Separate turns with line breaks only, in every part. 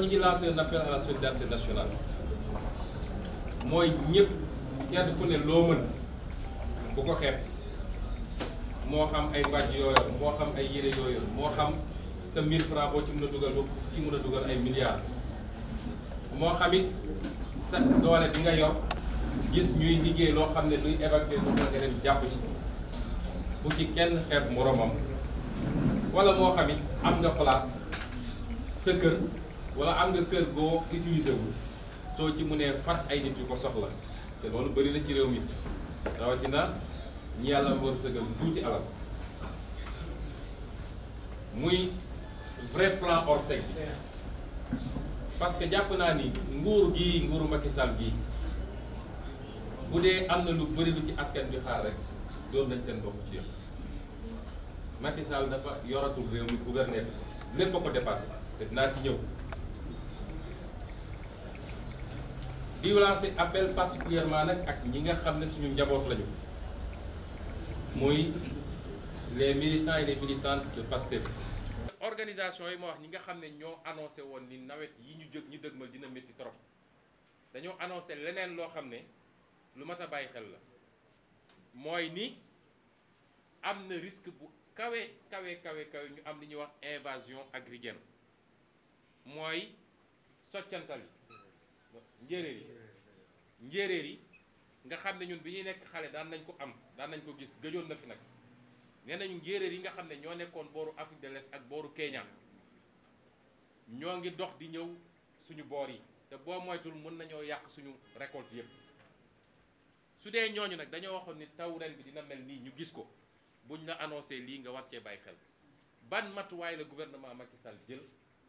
ñu ngi lancé un appel à la mooy ñëpp ku ne loo mën bu ko xeeb moo xam ay mbàjj yooyu moo xam ay yére yooyu moo xam sa 1000 francs boo ci mën a dugal ba ci mën dugal ay milliards moo xam it sa doole bi nga yor gis ñuy liggéey loo xam ne luy évacuer lu nga dem jàpp ci bu ci kenn xeeb moroomam wala moo xam it am nga place sa kër. wala am nga kër goo utilisé wul soo ci mënee fat ay nit yu ko soxla te loolu bëri na ci réew mi rawatina ñi yàlla wërsëgal tuuti alal muy vrai plan ORSEC parce que jàpp naa ni nguur gi nguuru Macky Sall gii bu dee lu bëri lu ci askan bi xaar rek doon nañ seen bopp ci Macky Sall dafa yoratul réew mi gouverner lépp a ko dépassé te ci ñëw di lancer appel particulièrement nak ak ñi nga xam suñu njaboot lañu moy les militants et les militantes de PASTEF. organisation yi mo wax ñi nga xam ne ñoo annoncé woon ni nawet yi ñu jëg ñu dëgmal dina metti trop dañu annoncé leneen lo xamné lu mata a xel la moy ni amna risque bu kawe kawe kawe kawe ñu am li ñu wax invasion agricole moy soccantal njéeréer yi njéeréer yi nga xam ne ñun bi ñu nekk xale daan nañ ko am daan nañ ko gis gëjoon na fi nag nee nañu njéeréer yi nga xam ne ñoo nekkoon booru Afrique de ak booru Kenya ñoo ngi dox di ñëw suñu boor yi te boo moytul mën nañoo yàq suñu récolte yëpp su dee ñooñu nag dañoo waxoon ni taw ren bi dina mel nii ñu gis ko buñ la annoncé lii nga war cee bàyyi xel ban matuwaay la gouvernement Macky Sall jël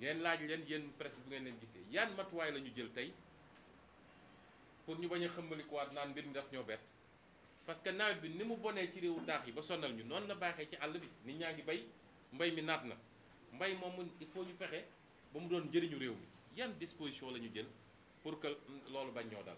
ngeen laaj leen yéen presse bu ngeen leen gisee yan matuwaay lañu jël tey pour ñu bañ a xëmbalikuwaat naan mbir mi daf ñoo bett parce que nawet bi ni mu bonee ci réewu taax yi ba sonal ñu noonu la baaxee ci àll bi nit ñaa ngi bay mbay mi naat na mbay moom il faut ñu fexe ba mu doon njëriñu réew mi yan disposition la ñu jël pour que loolu bañ ñoo dal